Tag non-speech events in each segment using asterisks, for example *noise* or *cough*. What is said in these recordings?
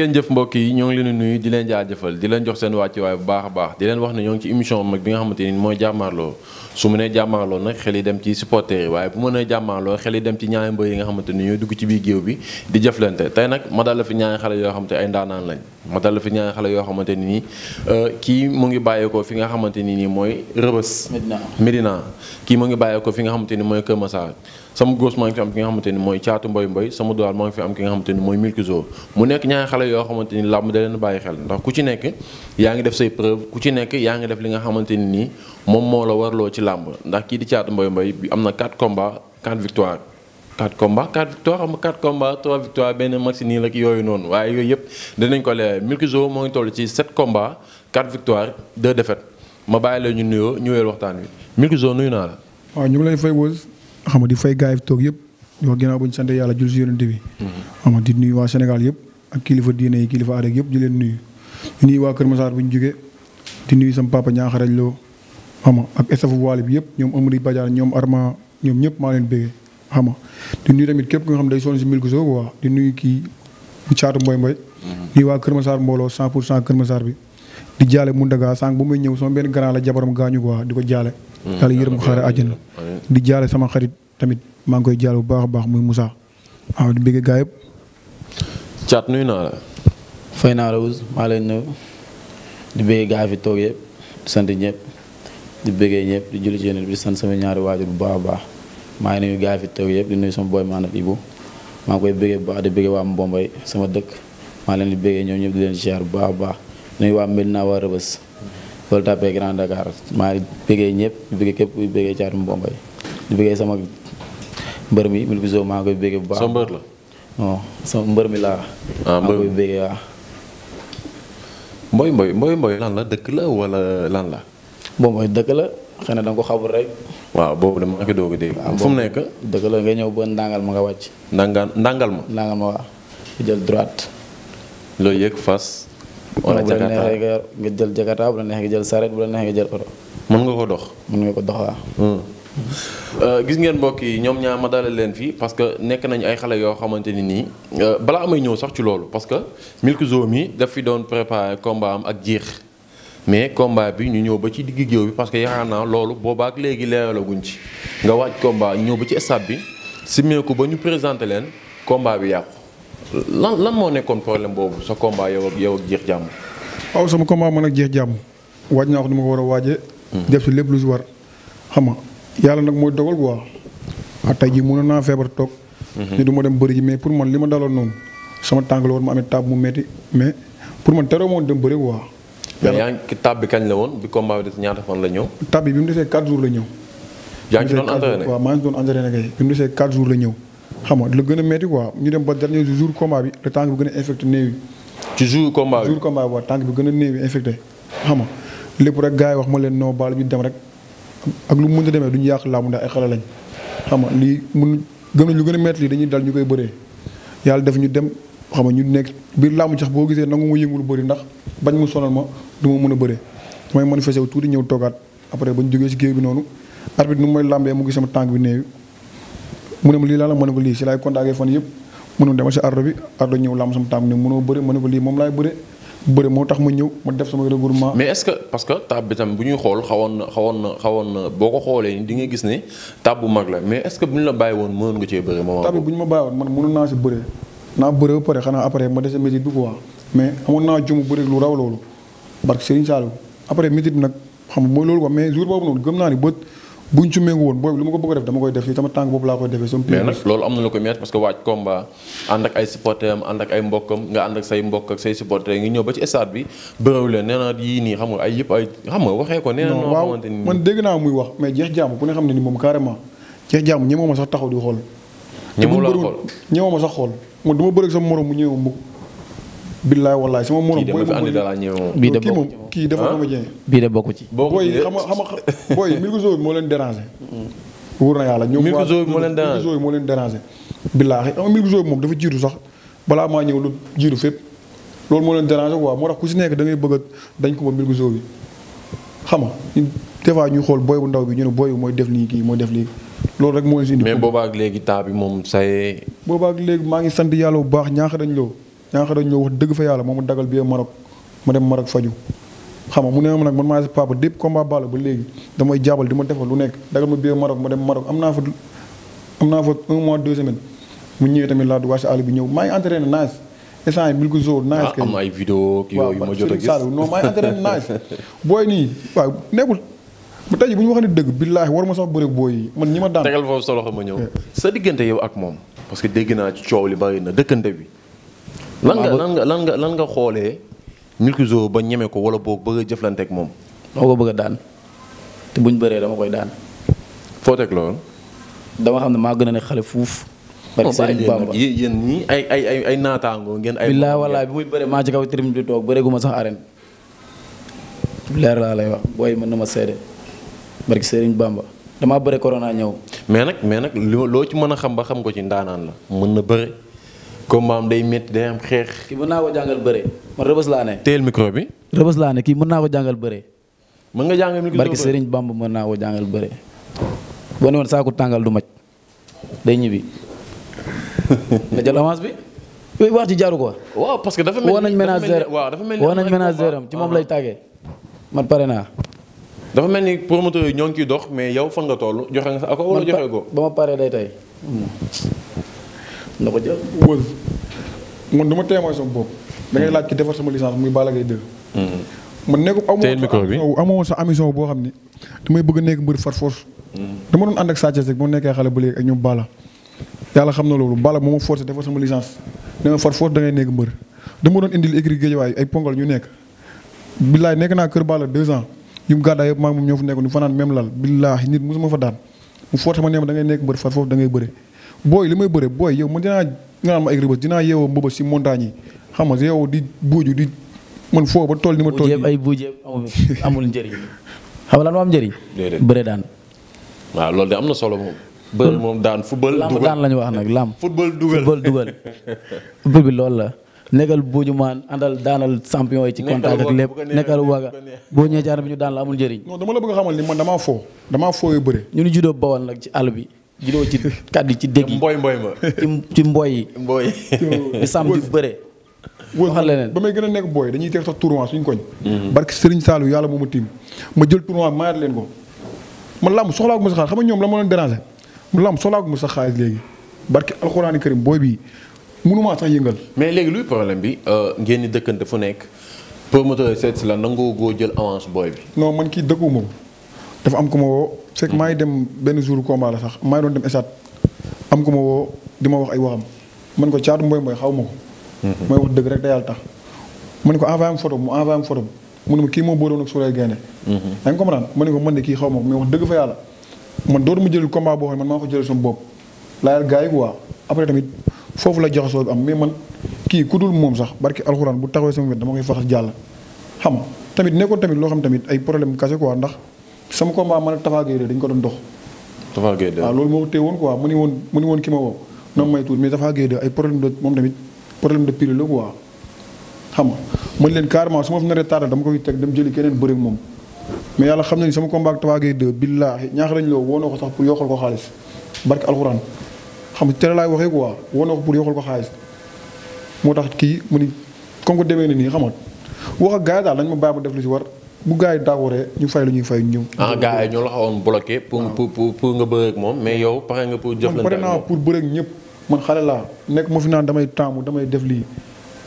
ngeen jëf mbokk yi ñoo ngi leen nuyu di leen jaajëfal di leen jox seen wàccuwaay bu baax a baax di leen wax ne ñoo ngi ci émission mag bi nga xamante ni mooy jàmmaarloo su mu nee jàmmaarloo nag xel yi dem ci supporters yi waaye bu mu nee jàmmaarloo xel yi dem ci ñaari mbër yi nga xamante ni ñooy dugg ci biir géew bi di jëflante tey nag ma dal la fi ñaari xale yoo xam xamante ay ndaanaan lañ ma dal fi ñaari xale yoo xamante ni nii euh, kii mu ngi bàyyeekoo fi nga xamante ni nii mooy Rëbës. Medina kii mu ngi bàyyeekoo fi nga xamante ni mooy Kër Massar sama góos maa ngi fi am nga xamante ni mooy caatu mboy mboy sama doole maa ngi fi am ki nga xamante ni mooy Milkzo mu nekk ñaari xale yoo xamante ni làmb da bàyyi xel ndax ku ci nekk yaa ngi def say ku ci nekk yaa ngi def li nga xamante ni nii moom moo la warloo ci làmb ndax kii di caatu mboy mboy bi am na 4 combats 4 victoires 4 combats 4 victoires am 4 combats 3 victoires benn yooyu noonu waaye yooyu yëpp dinañ ko leer Milkzo moo ngi tollu ci 7 combats 4 victoires 2 défaites ma bàyyi la ñu nuyoo ñëweel waxtaan wi Milkzo nuyu naa la. waaw ñu ngi lay fay wóos xam nga di fay gars yi toog yëpp di wax buñ bu sant yàlla jul si yonente bi. Mm-hmm. xam nga di nuyu waa Sénégal yëpp ak kilifa diine yi kilifa aada yëpp di leen nuyu. di nuyu waa Kër Massar bu ñu jógee di nuyu sama pa Ñaaxarañ Lo xam ak stafu Waali bi yëpp ñoom Amady ñoom Arma ñoom ñëpp maa leen bëggee xam nga di nuyu tamit képp ku nga xam day sonn si Milk Show quoi di nuyu kii caatu mboy mboy nuyu mm-hmm. waa Kër Massar mbooloo 100 pour cent Kër saar bi di jaale Moundaga sànq bu muy ñëw sama benn grand la jabaram gaañu quoi di ko jaale mm-hmm. yàlla yërëm ko xaare àjjana mm-hmm. di jaale sama xarit tamit maa ngi koy jaale bu baax a baax muy Moussa waaw di bëggee gaa yëpp caat nuyu naa la fay naa la Ouz maa leen nuyu di bëggee gaa fi toog yëpp di sant ñëpp di bëggee ñëpp di julli ci yéen di sant sama ñaari waajur bu baax baax maa ngi nuyu gaa yi fi teew yëpp di nuyu sama boy maa ngi koy bëggee bu baax di bëggee waa Mbombay sama dëkk maa leen di bëggee ñoom ñëpp di leen ziar bu baax baax nuyu waa Medina waa Rëbës loolu ñëpp di képp kuy bëggee caatu Mbombay di bëggee sama mbër mi Milou Bisso maa ngi koy bëggee bu baax. sa la. non mbër mi laa. ah mbër maa ngi koy bëggee mboy mboy mboy mboy lan la dëkk la walla lan la. mboy mboy dëkk la xëy na da nga ko xamul rek waaw boobu dama ko doog a dégg. Ah, fu mu nekk. dëgg la nga ñëw ba ndàngal ma nga wàcc. ndàngal ndàngal ma. ndàngal ma waaw nga jël droite. looy yëg fas. wala jakarta bu la neexee nga jël jakarta bu la neexee nga jël saret bu la neexee nga oto. mën nga ko dox. mën nga ko dox waaw. Hmm. Euh, gis ngeen mbokk yi ñoom ñaa ma dalal leen fii parce que nekk nañu ay xale yoo xamante ni nii euh, balaa amay ñëw sax ci loolu parce que Milkzo mi daf fi doon préparé combat am ak jeex. mais combat bi ñu ñëw ba ci digg géew bi parce que yaakaar naa loolu boobaak léegi leeralaguñ ci nga waaj combat ñëw ba ci stade bi simmeeku ba ñu présenté leen combat bi yàqu lan lan moo nekkoon problème boobu sa combat yow ak yow jeex jàmm. waaw sama combat mën ak jeex jàmm waaj naa ko ni ma ko war a waajee. Hmm. def si lépp lu si war xam nga yàlla nag mooy dogal quoi ah tey jii mënoon naa feebar toog. Hmm. ni du ma dem bëri ji mais pour man li ma daloon noonu sama tànk la woon ma mu metti mais pour man teroo ma dem bëri quoi. mais yaa ngi bi kañ la woon bi combat bi des ñaata fan la ñëw. tab bi bi mu desee 4 jours la ñëw. yaa lu gën a métti quoi ñu dem ba dernier jour combat bi tànk bi gën a infecté néew ci jour combat bi jour combat bi waaw tànk bi gën a néew infecté xam nga lépp rek gars yi wax ma leen non baal ñu dem rek ak lu mu mën a demee ñu yàq laamu ndax ay xale lañ xam nga lii mun gën nañ lu gën a métti lii dañuy dal ñu koy bëree yàlla def ñu dem xam nga ñu nekk biir làmb sax boo gisee nangu mu yëngul bëri ndax bañ mu sonal ma du ma mën a bëre damay manifesté wu tuuti ñëw toogaat après bañ jógee si géew bi noonu arbitre nu mu may làmbee mu gis sama tànk la ma ne ko lii moo tax ma ñëw ma def sama regroupement. mais est-ce xoolee di nga gis ne tab bu mag la mais bàyyi woon mënoon nga cee bëre. tab bi ma bàyyi naa si bëre naa bëre ba pare xanaa après ma dese métit bi quoi mais amoon naa jom bëre lu raw loolu barke Serigne Saliou après métit bi nag xam nga mais jour gëm naa ni bët buñ ci méngu woon boobu lu ma ko bëgg a dama koy def si sama tànk boobu laa koy defee sama mais nag loolu am na lu koy métti ay supporter nga ànd ak say mbokk ak say supporter ngi ñëw ba ci stade bi bëréw leen nee na yii nii xam yëpp ay xam nga waxee ko nee na noo xamante man dégg naa muy wax mais jeex jaamu bu ne xam ne ni moom carrément jeex jaamu ñemoo ma sax taxaw di xool ñemoo la xool ñemoo ma sax xool man du ma bëreeg sama morom mu ñëwee mukk billaay wallaay sama morom. mooy bii de bokk kii dafa am a jënd. bii de bokk ci. booy yi xam nga moo leen déranger. wóor na yàlla ñoom. Milkzo bi moo leen déranger Milkzo bi moo leen déranger. billaay xam nga Milkzo bi moom dafa jiitu sax balaa maa ñëw lu jiitu fépp loolu moo leen déranger waa moo tax ku si nekk da ngay bëgg dañ ko ba Milkzo bi xam nga des fois ñuy xool booy bu ndaw bi ñu ne booy bi mooy def lii kii mooy def lii loolu rek moo si indi. mais boobaag léegi temps bi moom say. boobaag léegi maa ngi sant yàlla bu baax ñaax dañ loo ñaax dañ loo wax dëgg fa yàlla moomu dagal bi Maroc ma dem Maroc faju xam nga mu ne ma nag man maa si papa dépp combat Balla ba léegi damay jàppal di ma defal lu nekk dagal ma biir Maroc ma dem Maroc am naa fa am naa fa mois deux semaines mu ñëwee tamit laa du waa si àll bi ñëw maa ngi entraîné nice instant yi mil ko zoor nice ah, kay ay vidéo kii ma jot a gis non maa ngi entraîné nice *laughs* booy nii waaw nekkul bu tey bu ñu wax ne dëgg billaahi war ma sax bëre booy man ñi ma daan tegal foofu sa loxo ma ñëw eh. sa diggante yow ak moom parce que dégg naa ci coow li bari na dëkkante bi lan nga lan nga lan nga xoolee Milky Zo ba ñeme ko wala boo bëgg a jëflante moom moo ko bëgg a daan te buñ bëree dama koy daan foo teg loolu dama xam ne maa gën ne xale fuuf bari oh, Serigne Bamba yéen ñii ay ay ay ay naataangoo ngeen ay billaahi bi muy bëre maa ci kaw tribune bi toog sax arène leer laa lay wax booy mën na ma seede barki Serigne Bamba damaa bëre corona ñëw. mais nag mais nag loo ci mën a xam ba xam ko ci ndaanaan la mën na bëre comme maam day métti day am xeex. kii mën naa ko jàngal bëre man rëbës laa ne. teel micro laa kii mën naa ko jàngal bëre. mën nga jàngal micro bi barki mën naa ko jàngal bëre. boo ne woon saako tàngal du maj day ñibbi *laughs* nga jël bi. yooyu wax ci jaaru ko. waaw parce que dafa mel ni dafa mel ni waaw dafa mel ni woo nañ ménagère am ci moom lay tàggee man pare naa. dafa mel ni promoteur yi ñoo ngi ciy dox mais yow fan nga toll joxe nga sa ako wala joxe ko. ba ma paree day tey. na ko jël wël man du ma témoin sama bopp. da ngay laaj ki defar sama licence muy Balla Gaye 2. Hmm. man nekkul amoo amoo sa ambition boo xam ni damay bëgg a nekk mbër far force. Hmm. dama doon ànd ak Sa Thiès rek nekkee xale ba léegi ak ñoom Balla. yàlla xam na loolu Balla moo ma forcé defar sama licence da nga far force da ngay mbër dama doon indil écrit géejawaay ay pongal ñu nekk billaay nekk naa kër Balla deux ans. yi mu gàddaa yëpp maa moom ñoo fa nekkoon ñu fanaan même lal billaahi nit mosuma fa daan mu foote ma ne ma da ngay nekk mbër far foofu da ngay li may bëre booy yow man dinaa nga naan ma dinaa yeewoo mbëbës si montagne yi xam nga yow di buuju di man foo ba tool ni ma tool ay buuj amul njëriñ xam nga lan am njëriñ bëre daan waaw loolu de am na solo moom bëre moom daan football dugal daan la ñu wax nag lam football dugal football dugal bi lool la nekkal buujumaan àndal daanal champion yi ci contact ak lépp nekkal waga boo ci àll bi ñu daan la amul njëriñ. dama la bëgg a xamal ni man damaa foo damaa foo yu bëri. ñu ni juddoo bawal nag ci àll bi juddoo ci kàddu ci dégg yi mboy mboy ma ci mboy yi. mboy yi di gën a nekk dañuy teg sax tournoi suñ koñ. Mm-hmm. barke Serigne Saliou yàlla moomu tiim ma jël tournoi mayaat leen ko man làmb soxlaa ko mos a xaalis xam nga ñoom la ma doon déranger làmb soxlaa ak mu sa xaalis léegi barke alxuraani karim booy bi mënumaa sax yëngal. mais léegi luy problème bi euh, ngeen di dëkkante fu nekk promoteur seet la nangoo goo jël avance booy bi. non man kii dëkkuwu ma dafa am ku ma woo. fekk maa dem benn jour combat la sax maa ngi am ku ma woo di ma wax ay waxam man ko caatu mbooy mbooy xaw ma ko. mooy mhm. wax dëgg rek da yàlla tax. man ko envoyé am photo mu envoyé am photo mu ne kii moo booloon ak Souleye Gaynde. ko mhm. ngi comprendre ma ne ko man de kii xaw ma ko mais wax dëgg fa yàlla man dootuma jël combat boo xam ne ma maa ko jëlee sama bopp laajal gars yi après tamit. foofu la jaxasoo bi am mais man kii ku dul moom sax barki alxuraan bu taxawee sama wet dama koy faxas jàll xam tamit nekkoon tamit loo xam tamit ay problème kase quoi ndax sama combat man ak ko doon dox Tapha Gueye waaw loolu moo woon quoi mu ni woon mu ni woon moom tamit problème de pile la quoi xam nga man leen carrément keneen bëri moom mais yàlla xam na ni sama combat ak Tapha Gueye 2 billaahi ñaax loo woonoo ko sax pour yokkal ko xaalis barki alxuraan xam nga teel laay waxee quoi woo ko pour yokkal ni comme que demee na nii xam nga wax ak lu ci war bu gars yi daawaree ñu fay lu ñuy fay ñëw. ah gars yi ñoo la xawoon bloqué. pour ah. pour pour nga mais yow pare nga pour. jëflante ak moom man pare naa pour bëreeg ñëpp man xale laa nekk ma fi naan damay taamu damay def lii.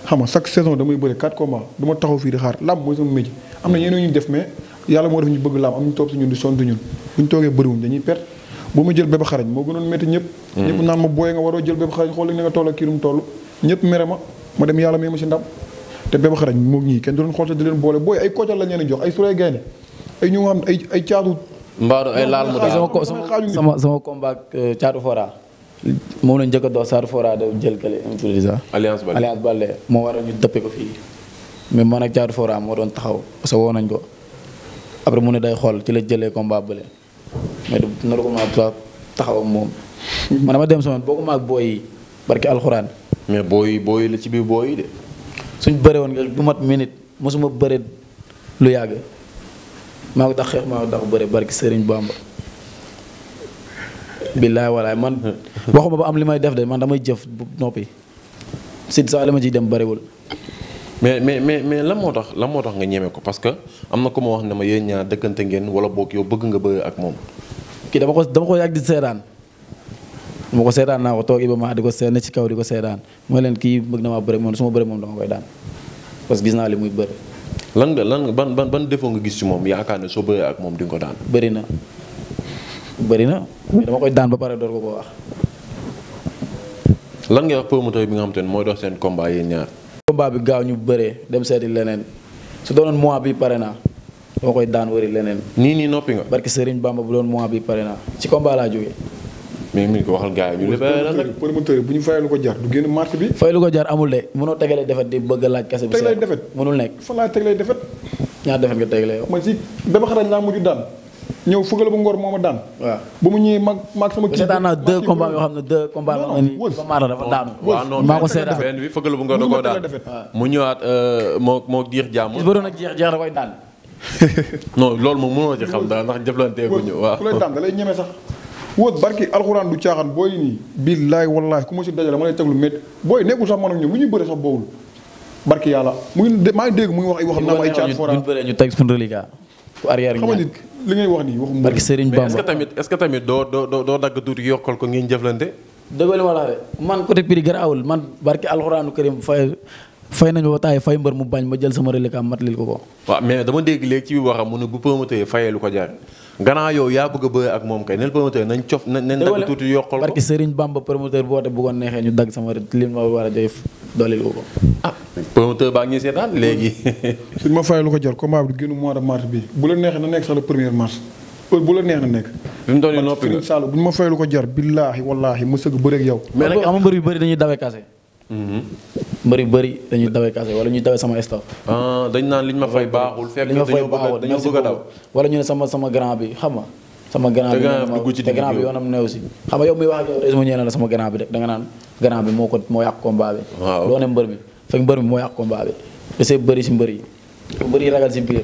xam nga chaque saison damay bëri 4 combats dama taxaw fii di xaar làmb mooy sama métier am na yeneen ñu def mais yàlla moo def ñu bëgg làmb am ñu toog si ñun di sontu ñun bu ñu toogee bëriwuñ dañuy perte bu ma jël bépp xarañ moo gënoon métti ñëpp mm. ñëpp naan ma booy nga waroo jël bépp xarañ xool li nga toll ak kiirum toll ñëpp mere ma ma dem yàlla may ma si ndam te bépp xarañ moog ñii kenn du leen xool te di leen boole booy ay koocal la ñeen jox ay ay ñu nga xam ay ay caatu mbaaru sama sama combat caatu euh, fora moom lañ njëkk a dox fora da jël kële improvisé alliance Balde alliance Balde moo waral ñu dëppe ko fii mais man ak caatu fora moo doon taxaw parce que nañ ko après mu ne day xool ci la jëlee combat bële mais du naru ko mën taxaw ak moom. man mhm. dama dem sama bokkuma ak booy yi barki alxuraan. mais booy booy la ci biir booy yi de. suñ bëree woon du mat minute mosuma bëre lu yàgg maa ko tax xeex maa ko tax bëre barki Serigne Bamba. billaay walaay man *laughs* waxuma ba am li may def de man damay jëf bu noppi si saa li ma ciy dem bëriwul. mais mais mais mais lan moo tax lan moo tax nga ñeme ko parce que am na ko ma wax ne ma yéen ñaar dëkkante ngeen wala boog yow bëgg nga bëre ak moom. kii dama ko dama ko yàgg di seetaan dama ko seetaan naa ko toog Iba Mar di ko seet ci kaw di ko seetaan mooy leen kii bëgg na maa bëre moom su ma bëre moom dama koy daan parce que gis naa li muy bëre. lan lan ban ban ban défaut nga gis ci moom yaakaar ne soo bëree ak moom ko daan. bëri na bëri na dama koy daan ba pare door ko koo wax. lan ngay wax promoteur bi nga xam te ne mooy dox seen combat yi ñaar. combat bi gaaw ñu bëree dem seeti leneen su doonoon mois bi pare naa. dama koy daan wëri leneen. nii nii noppi nga. barki Serigne Bamba bu doon mois bi pare naa ci combat laa jógee. bu ñu fayee lu ko jar du génn marché bi. fay lu ko jar amul de mënoo tegalee defet di bëgg laaj kese bi. tegalee defet mënul nekk. fan laa tegalee defet. ñaar nga tegalee man si dama xarañ laa mujj daan. ngor mooma daan waaw ba mu ñëwee mag naa deux combats yoo xam ne deux combats la ni ba maara dafa daanu waaw non maa ko seetaan benn bi fëgala bu ngor da koo daan mu ñëwaat euh, moo ba doon a jeex jeex da koy daan *laughs* non loolu moom mënoo ci xam daal ndax jëflanteeguñu waaw ku lay daan da lay ñeme sax wóot barki alxuraan du caaxaan booy nii billaay wallaay ku ma si dajale ma lay teg lu métti booy nekkul sax man ak ñoom lu ñuy bëre sax boowul barki yàlla muy ngi dégg mu ngi wax ay waxam naa ay caaxaan fora buñ bëree ñu teg suñu reliquat ku arrière xam li ngay wax nii waxum barki Serigne Bamba est-ce que tamit est-ce que tamit doo doo dagg tuuti yokkal ko ngeen jëflante dëgg la ma la man côté prix garaawul man barki alxuraanu karim fay fay nañu wataay fay mbër mu bañ ma jël sama reliquat am matalil ko ko. waaw mais dama dégg léegi ci waxam mu ne bu promoteur fayee lu ko jar gannaaw yow yaa bëgg a bëre ak moom kay nel promoteur nañ cof nañ bu ñu ma war ah. baa ngi seetaan léegi. *laughs* suñ ma fayee lu ko jar combat bi génn mois de mars bi ma fayee lu ko jar billaahi ma sëgg bëreeg mbër yu bëri dañuy dawe kase Mhm. mbëri bëri dañuy dawee kase wala ñuy dawee sama staff. Ah, dañ naan liñ ma fay baaxul. fekk dañoo bëgg a daw wala ñu ne sama grand bi xam nga. sama grand bi te grand bi yoonam ne xam nga yow muy wax ak yow rek ma la sama grand bi rek da nga naan grand bi moo ko moo yàq combat bi. waaw loo ne mbër bi fekk mbër bi moo yàq combat bi. da see bëri si mbër yi. mbër ragal si biir.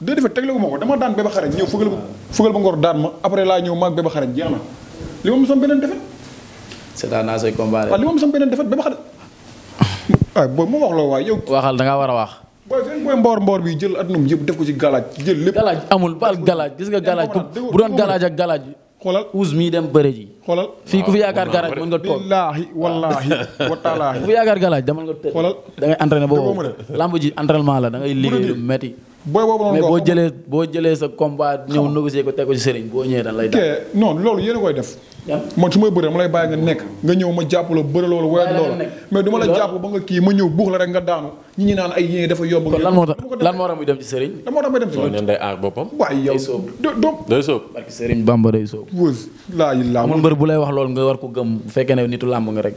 deux défaites teglegu ma ko dama daan Bébé Xarañ ñëw fëgal ba fëgal ba ngor daan ma après laa ñëw maag Bébé Xarañ jeex na li ma mosam beneen défaite. seetaan naa say combat waaw li ma mosam beneen défaite Bébé Xarañ *laughs* waaw booy ma wax loo waay yow. waxal da ngaa war a wax. booy seen booy mboor mboor bi jël addunam yëpp def ko ci galaaj jël lépp. galaaj amul baal galaaj gis nga galaaj bu doon galaaj ak galaaj. xoolal uus mii dem bëre ji. xoolal fii ku fi ah, yaakaar galaaj mën nga toog billaahi wallaahi wa taalaahi ku fi yaakaar galaaj dama nga tëdd. xoolal da ngay entraîné boobu lamb ji entraînement la da ngay liggéey lu metti booy boobu noonu. mais boo jëlee boo jëlee sa combat ñëw négocier ko teg ko ci boo ñëwee dañ lay def. loolu yéen a koy def. man su may bëree ma lay bàyyi nga nekk nga ñëw ma jàpp la bëri loolu weer ma la jàpp kii ma ñëw buux la rek nga daanu ñi ñi naan ay yéen yomb. lan moo tax lan moo tax dem ci sëriñ. lan moo tax muy dem ci sëriñ day aar boppam. waay yow laa yi laa amul bu lay wax loolu nga war ko gëm bu fekkee ne nitu làmb nga rek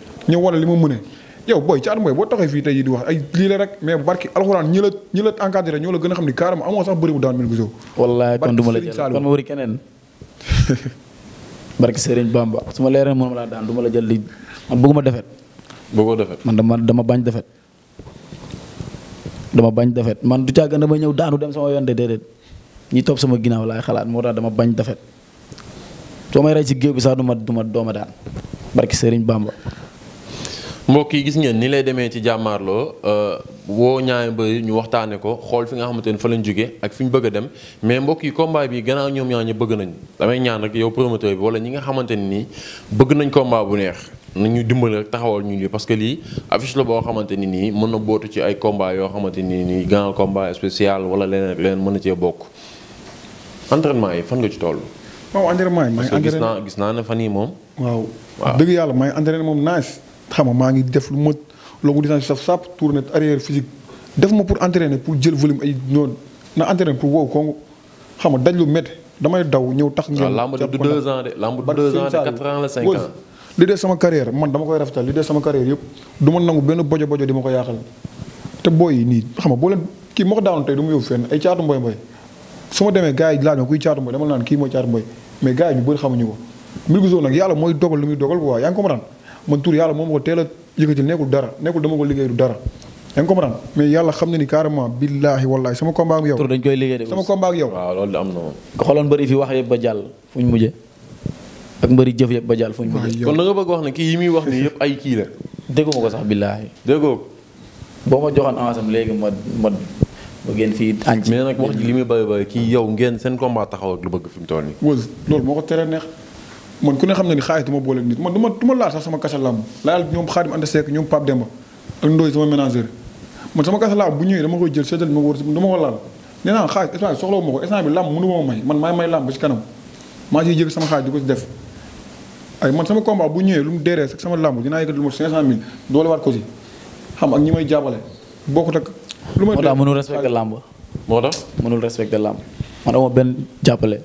ñëw wala li ma ne yow booy caatu mooy boo taxee fii tey jii di wax ay lii la rek mais barki alxuraan ñi la ñi la ñoo la gën a xam ni carrément amoo sax bëri bu daan mel gisoo. wallaahi kon du ma la jël kon ma wëri keneen. barki Serigne Bamba su ma leeree moom laa daan du ma la man bëgguma man dama bañ defet. dama bañ defet man du caagan dama ñëw daanu dem sama yoon de déedéet ñi topp sama ginnaaw laay xalaat moo tax dama bañ defet soo may rey ci géew bi sax du ma du ma dooma daan barki Serigne Bamba. mbokk yi gis ngeen ni lay demee ci jàmmaarloo euh, woo ñaari mbër yi ñu waxtaanee ko xool fi nga xamante ni fa lañ jóge ak fi ñu bëgg a dem mais mbokk yi combat bi gannaaw ñoom ñaar ñu bëgg nañ damay ñaan rek yow promoteur bi wala ñi nga xamante ni nii bëgg nañ combat bu neex nañu dimbali rek taxawal ñu lii parce que lii affiche la boo xamante ni nii mën na bootu ci ay combat yoo xamante ni nii grand combat spécial wala leneen ak leen mën na cee bokk entraînement yi fan nga ci toll. waaw entraînement yi. may entraîné gis naa xam nga maa ngi def lu ma longue distance saf sap tourné arrière physique def ma pour entraîner pour jël volume ay noonu na entraîner pour wow kongu xam de la cinq sama carrière man dama koy rafetal li dee sama carrière yëpp du ma nangu benn bojo bojo di ma ko yaaxal te booy yi nii xam nga boo leen kii ma ko daanu tey du ma yóbbu fenn ay caatu mboy mboy su ma demee gars yi laaj ma kuy caatu mboy mais gars yi ñu bëri xamuñu ko. Milkzo nag yàlla mooy dogal lu muy dogal bu waa yaa ngi comprendre man tur yàlla moom ma ko teel a yëkkati nekkul dara nekkul dama ko liggéey du dara yaa ngi comprendre mais yàlla na ni carrément billaahi wallaahi sama combat ak yow tur dañ koy liggéey de sama combat ak yow waaw loolu da am na moom nga xooloon mbëri ba jàll fu ñu mujjee ak mbëri ba wax ne kii yi muy wax ni yëpp ay kii ko sax billaahi déggoo boo ma joxoon avance léegi ma ma ba ngeen fii àñ mais nag wax ji li muy bëri bëri kii yow ngeen seen combat taxaw ak lu bëgg fi mu toll nii loolu moo ko tere neex man ku ne xam ne ni xaalis du ma boole nit man du ma du ma laal sax sama kasa làmb laal ñoom Xaadim Anta Seck ñoom Pape Demba ak Ndoye sama ménageur man sama kasa làmb bu ñëwee dama koy jël seetal ma ko laal nee naa xaalis instant soxlawu ma ko instant bi làmb mënu ma may man maay may ba maa ciy jël sama xaalis di ko ci def ay man sama combat bu ñëwee lu mu deeree sax sama làmb dinaa yëkkati lu ma 500000 ko ci xam ak ñi may jàppale bokkut ak lu may moo tax mënul respecté làmb moo tax mënul respecté làmb man dama benn jàppale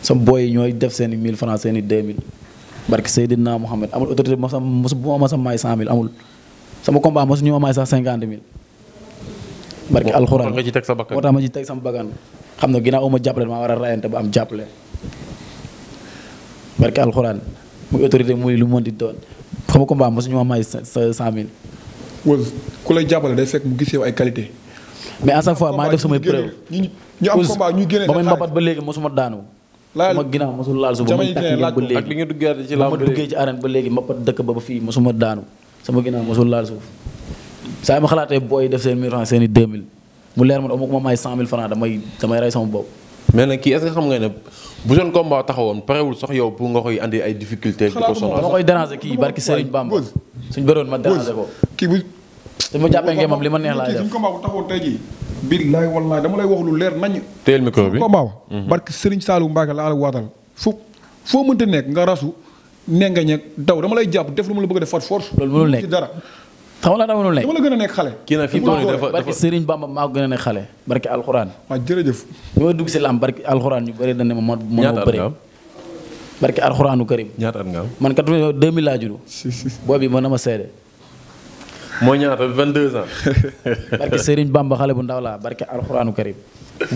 sama booy ñooy def seen mille 1000 francs seen i 2000 barke Seydina Mohamed amul autorité bu ma sa bu ma mos a may 100000 amul sama combat mosu ma may sax 50000. barke alxuraan ma ci teg sa bakkan moo tax ma ci sama bakkan xam ne ginnaaw ma jàppale maa war a rayante ba am jàppale barke alxuraan muy autorité lu mu mën di doon sama combat mosu ñu ma may sa 100000. wala ku lay jàppale day fekk mu gisee ay qualité mais à chaque fois maa def samay preuve ñu am combat ñu génne ba may mbapat ba léegi mosuma daanu. laal ma ginnaaw mosul laal suba ma tàkk yëpp ba léegi ma duggee ci arène ba léegi ma pat dëkk ba ba fii mosuma daanu sama ginnaaw mosul laal suuf saa yi ma xalaatee booy def seen mille francs seen i deux mille mu leer man amu ko ma may cent mille francs damay damay rey sama bopp mais nag kii est-ce xam nga ne bu seen combat taxawoon parewul sax yow pour nga koy andi ay difficultés di ko sonal dama koy déranger kii barki Serigne Bamba suñ bëroon ma déranger ko su ma jàppee ngeen moom li ma neex laa def suñu combat bu taxawoon tey jii billaay dama lay wax leer nañ teel micro bi combat mhm. barke Serigne Saliou Mbacké laa la waatal fu foo mënta nekk nga rasu ne nga ñeg daw dama lay jàpp def lu ma la bëgg a def fat force loolu mënul nekk ci dara xam nga dama mënul nekk gën a xale kii nag fi barke Serigne Bamba maa ko gën a nekk xale barke alxuraan waaw jërëjëf bi ma dugg si lamb ñu bëri dañ ne ma ma bëri barke alxuraanu ñaata at nga man 2000 laa judd boobu bi mën na ma seede moo ñaata 22 ans. *laughs* barke Serigne Bamba xale bu ndaw laa barke alxuraanu karim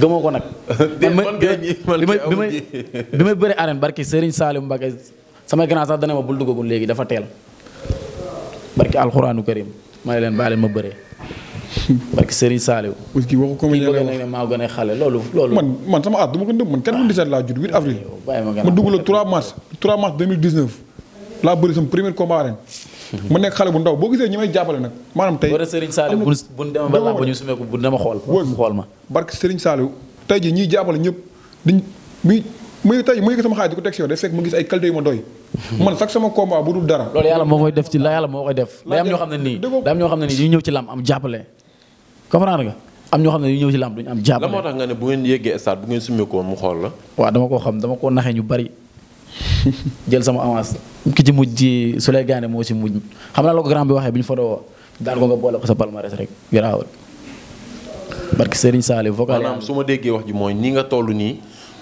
gëmoo ko nag. *laughs* man bi may bi may bi may bëri arène barke Serigne Salim Mbacke samay grand sax dana ma bul duggagul léegi dafa teel barke alxuraanu karim ma ne leen ma bëree. barke Serigne Saliou. parce que waxu la wax maa gën a xale loolu. loolu man man sama at dama ko nëb man 97 laa judd 8 avril. bàyyi ma gën a ma dugg la 3 mars 3 mars laa bëri sama premier ma nekk xale bu ndaw boo gisee ñi may jàppale nag maanaam tey wala Serigne Saliou bu bu demee ba làmb ñu sumeeku bu dama xool xool ma barke Serigne Saliou tey ji ñiy jàppale ñëpp di mu gis ma doy man bu dul dara loolu yàlla moo koy def ci la yàlla moo koy def day am ñoo ne nii day am ñoo xam ne nii ñu ñëw ci làmb am jàppale comprendre nga am ñoo xam ne ñu ñëw ci làmb duñu am jàppale la moo tax nga ne bu ngeen yéggee stade bu ngeen sumeeku mu la waaw dama koo naxee ñu bari *laughs* jël sama avance ki ci mujj ci su lay gaane moo si mujj xam naa la ko grand bi waxee bi ñu fa doon daal ko nga boole ko sa palmarès rek garaawal barki Serigne Saliou vocal su ma déggee wax ji mooy ni nga toll nii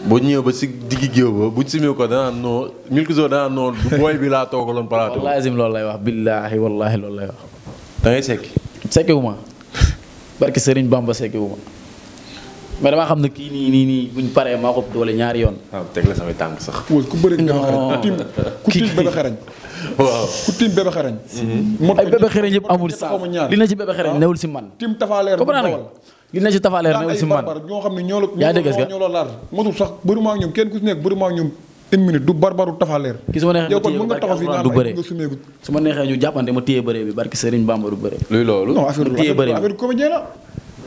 boo ñëwee ba si diggi ba bu simee ko danaa noo Milkzo noo du booy bi laa loolu lay wax billaahi wallaahi loolu lay wax da ngay sekki sekkiwu ma barki Serigne Bamba sekkiwu mais damaa xam ne kii nii nii nii buñ paree maa ko doole ñaari yoon. waaw samay tànk sax. ku bëri ku tiim bébé xarañ. Mm-hmm. ay bébé xarañ yëpp amul saa li na ci bébé xarañ newul si man. tiim tafaaleer bu tawal li na ci tafaaleer newul si man. ñoo xam ne ñoo la yaa dégg nga ñoo la laar motul sax ñoom kenn ku si nekk bëri maa ñoom une minute du barbaru tafaaleer. ki su ma neexee ñu téye barke alxuraan du bëree su ma neexee ñu jàppante ma téye bëree bi barke Serigne Bamba du bëree. luy loolu. non affaire comédien la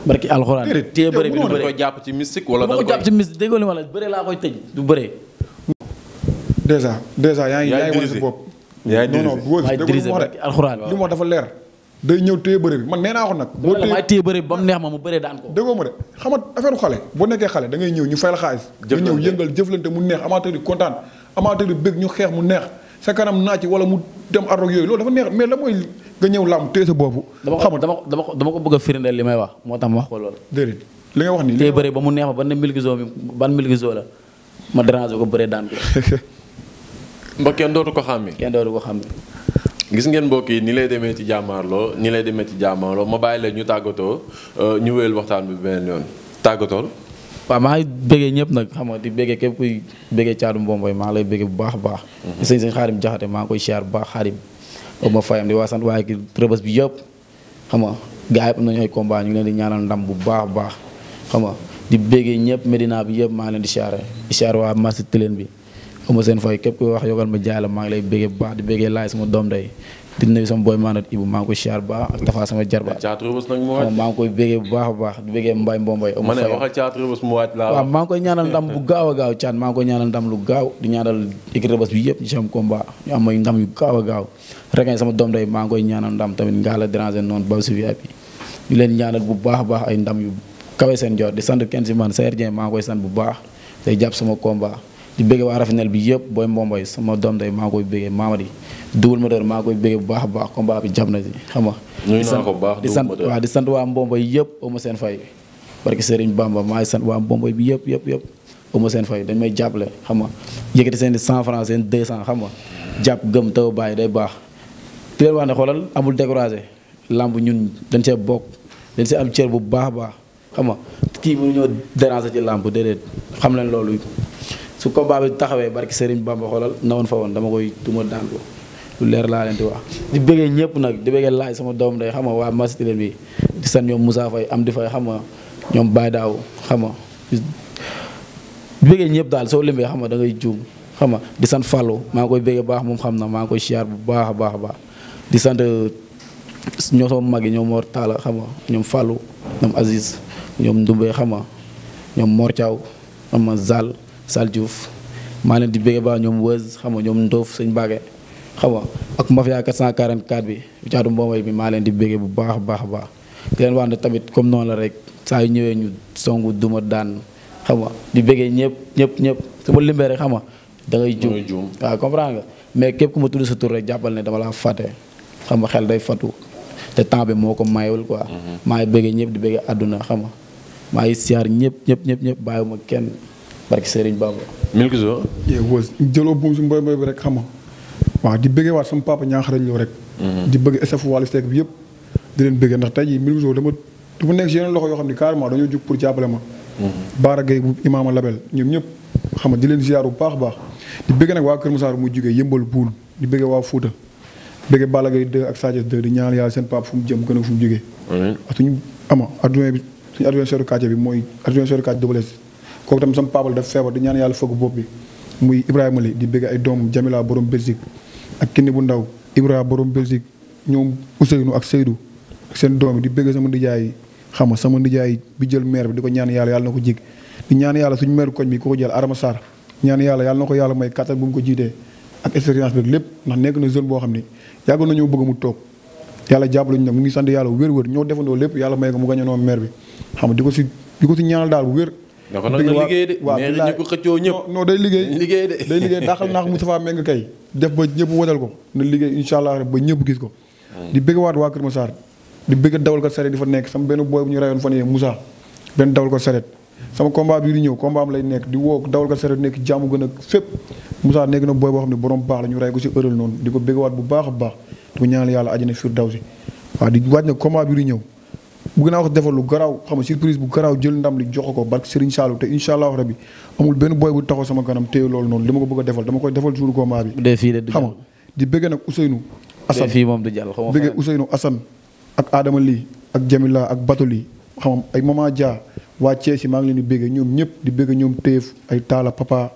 barki alxuraan. téye bëre bi du bëre ko jàpp ci mystique wala da ko jàpp ci mystique déggoo li ma la bëre laa koy tëj du bëre. dèjà dèjà yaa ngi yaa ngi wane sa bopp. yaa ngi dirisé dafa leer. day ñëw téye bëre bi man nee ko nag. moo téye waaye bëre bi ba mu neex ma mu bëree daan ko. déggoo ma de xam nga affaire xale. boo nekkee xale da ngay ñëw ñu fay la xaalis. nga ñëw yëngal jëflante mu neex amateur yi kontaan amateur yi bëgg ñu xeex mu neex sa kanam naaj wala mu dem arrog yooyu loolu dafa neex mais la mooy nga ñëw làmb téye sa boobu. xam nga dama ko dama ko dama ko bëgg a li may wax moo tax ma wax ko loolu. déedéet li nga wax nii. tey ba mu neex ma ban Milkzo ban Milkzo la ma déranger ko bëree daan ko. *laughs* ba kenn dootu ko xàmmi. kenn dootu ko xàmmi. gis ngeen mbokk ni lay demee ci jàmmaarloo ni lay demee ci jàmmaarloo ma bàyyi la ñu tàggatoo euh, ñu wéyal waxtaan bi beneen yoon tàggatool. waaw maa ngi bëggee ñëpp nag xam nga di bëggee képp kuy bëggee caadu mbomboy maa ngi lay bëggee bu baax a baax mhm. sëñ sëñ xaarim jaxate maa ngi koy siyaar bu baax xaarim boobu ma fayam di waa sant waaye ki bi yëpp xam nga gars yëpp am nañu ay ngi leen di ñaanal ndam bu baax a baax xam nga di bëggee ñëpp Medina bi yëpp maa ngi leen di chair di siyaar waa marché Tilène bi ama seen fay képp kuy wax yogal ma jaay la maa ngi lay bëggee bu baax di bëggee laay sama doom day di nuyu sama booy maanaam Ibou maa ngi koy siyaar bu baax ak Tafa sama jarba maa ngi koy bégee bu baax a baax di bégee Mbaye Mbombay ma ne waxal maa ngi koy ñaanal ndam bu gaaw a gaaw Thiat maa ngi koy ñaanal ndam lu gaaw di ñaanal équipe Rebeuss bi yëpp ndam yu gaaw a gaaw rek sama doom day maa ngi koy ñaanal ndam tamit ngaa la déranger noonu ba si VIP ñu leen ñaanal bu baax a baax ay ndam yu kawe seen jor di sant kenn si man Saër Dieng maa ngi koy sant bu baax tey jàpp sama combat di bëggee waa Rafinel bi yëpp booy mbomboy sama doom day maa koy bëggee Mamadi Double Moteur maa koy bëggee bu baax a baax combat bi jàpp na si xam nga. bu baax di sant waaw di sant waa mbomboy yëpp amu seen fay. barke Serigne Bamba maa ngi sant bi yëpp yëpp yëpp amu seen fay dañ may jàppale xam nga yëkkati seen i 100 francs seen 200 xam nga jàpp gëm taw bàyyi day baax. di leen wax ne xoolal amul découragé làmb ñun dañ see bokk dañ see am cër bu baax a baax xam nga kii mënuñoo déranger ci làmb déedéet xam leen loolu su combat bi taxawee barki Serigne Bamba xoolal na woon fa woon dama koy duma daan ko lu leer laa leen di wax. di bëggee ñëpp nag di bëggee laaj sama doom day xam nga waa Mastilé bi di san ñoom Moussa Faye am di fay xam nga ñoom Baye Daaw xam nga bëggee ñëpp daal soo limee xam nga da ngay juum xam nga di sant Fallou maa ngi koy bëggee baax moom xam na maa ngi koy siyaar bu baax baax a baax di sant ñoo sama mag yi ñoom Mor Talla xam nga ñoom Fallou ñoom Aziz ñoom Ndumbé xam nga Sall Diouf maa leen di bëgg baax ñoom Wëz xam nga ñoom Ndoof sëñ Bagé xam nga ak mafia 444 bi caatu Mbombay bi maa leen di bëgg bu baax a baax a baax di leen wax ne tamit comme noonu la rek saa yu ñëwee ñu songu duma daan xam nga di bëggee ñëpp ñëpp ñëpp su ma limbee rek xam nga da ngay juum waaw comprendre nga mais képp ku ma tudd sa tur rek jàppal ne dama laa fàtte xam nga xel day fatu te temps bi moo ko mayewul quoi. Mhm. maa ngi bëggee ñëpp di bëggee àdduna xam nga maa ñëpp ñëpp ñëpp ñëpp bàyyiwuma barki Serigne Bamba. Milkzo. jërëjëf jëloo buum si mboy mboy bi rek xam nga waaw di bëggee waat sama papa ñaaxarañ loo rek. Mm-hmm. di bëgg SF Wally Seck bi yëpp. di leen bëggee ndax tey jii Milkzo dama dama nekk si yeneen loxo yoo xam ne carrément dañoo jug pour jàppale ma. Mm-hmm. Baara Gueye bu Imaama Label ñoom ñëpp xam nga di leen ziar bu baax a baax. di bëgg nag waa Kër Moussa mu jugee yëmbal buul di bëgg waa Fouta. bëgg Balla Gaye 2 ak Sadio 2 di ñaanal yàlla seen papa fu mu jëm gën a fu mu jugee. amiin parce que ñu ama adjoint bi suñu adjoint chef de bi mooy adjoint chef de quartier kooku tamit sama paabal daf feebar di ñaan yàlla fëgg bopp bi muy Ibrahima li di bëgg ay doom Jamila borom Belgique ak kinni bu ndaw Ibra borom Belgique ñoom Ousseynou ak Seydou ak seen doom di bëgg sama nijaay xam nga sama nijaay bi jël maire bi di ko ñaan yàlla yàlla na ko jig di ñaan yàlla suñu maire koñ bi ko ko jël Adama Sarr ñaan yàlla yàlla na ko yàlla may kattan bu mu ko jiitee ak expérience bi lépp ndax nekk na jeune boo xam ni yàgg na ñoo bëgg mu toog yàlla jàppale ñu nag mu ngi sant yàlla wér-wér ñoo defandoo lépp yàlla may ko mu gañanoo maire bi xam nga nga ko nag na liggéey de mais ñi day liggéey liggéey de day liggéey daaxal naax Moustapha Mbengue kay def ba ñëpp wadal ko na liggéey incha allah ba ñëpp gis ko di bëgg waat waa Kër Massar di bëgg dawal ko saret di fa nekk sama benn booy bu ñu rayoon fan yee Moussa benn dawal ko saret sama combat bi di ñëw combat am lay nekk di woo dawal ko saret nekk jàmm gën a fépp Moussa nekk na booy boo xam ne borom baax la ñu ray ko si ëral noonu di ko bëgg waat bu baa a baax di ko ñaanal yàlla àjjana fiir bi di ñëw bëgg naa wax defal lu garaaw xam nga surprise bu garaaw jël ndam li jox ko barke Serigne Sallou te incha allah rabi amul benn boy bu taxaw sama kanam téye lool noonu li ma ko bëgg defal dama koy defal jour combat bi. bu dee fii xam nga di bëgg nag Ousseynou. Assane moom du jàll xam nga bëgg Ousseynou Assane ak Adama Ly ak Jamila ak Batoli xam nga ay Mama Dia waa Thiès maa ngi leen di bëgg ñoom ñëpp di bëgg ñoom téef ay Talla Papa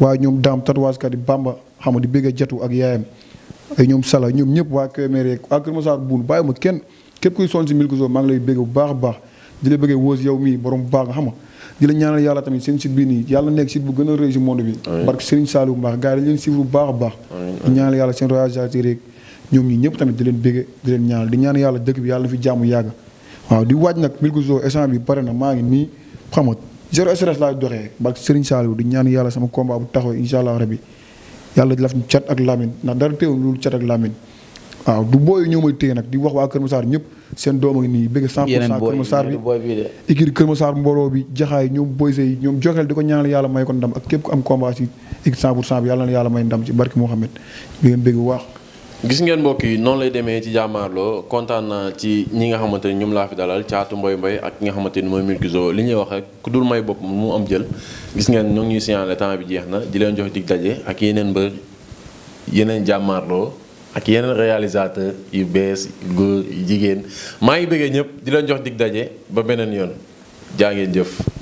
waaye ñoom daam tatouage kat di Bamba xam di bëgg jatu ak yaayam ay ñoom Sala ñoom ñëpp waa Kébémer waa Kër Massar buun bàyyi ma kenn képp kuy sonn si Milk Zo maa lay bëgg bu baax a baax di la bëggee woos yow mii borom baax nga xam nga di la ñaanal yàlla tamit seen site bii nii yàlla nekk site bu gën a réy si monde bi barke Serigne Saliou Mbaax gars yi leen suivre bu baax baax di ñaanal yàlla seen réalisateur rek ñoom ñi ñëpp tamit di leen bëgge di leen ñaanal di ñaan yàlla dëkk bi yàlla na fi jàmm yàgg waaw di waaj nag Milk Zo essant bi pare na maa ngi nii xam nga zéro stress laay doxee barke Serigne Saliou di ñaan yàlla sama combat bu taxaw insha allah rabbi yàlla di laf cat ak lamine ndax dara teewul loolu cat ak lamine waaw du booy ñoo may téye nag di wax waa Kër Massar ñëpp seen doom ak nii bëgg 100 pour cent saar Massar bi ikir Kër Massar mbooloo bi jaxaay ñoom boy sey ñoom joxeel di ko ñaan yàlla may ko ndam ak képp ku am combat si yàlla may ndam ci barki Mouhamed di ngeen bëgg waax gis ngeen mbokk yi noonu lay demee ci jàmmaarloo kontaan naa ci ñi nga xamante ni ñoom laa fi dalal caatu mboy mboy ak ki nga xamante ni mooy Milkzo li ñuy wax rek ku dul may bopp mu am jël gis ngeen ñoo ngi ñuy signaler temps bi jeex na di jox dig daje ak yeneen mbër yeneen jàmmaarloo ak yeneen réalisateur yu bees góor jigéen maa ngi bëggee ñëpp di leen jox dig daje ba beneen yoon jaa ngeen jëf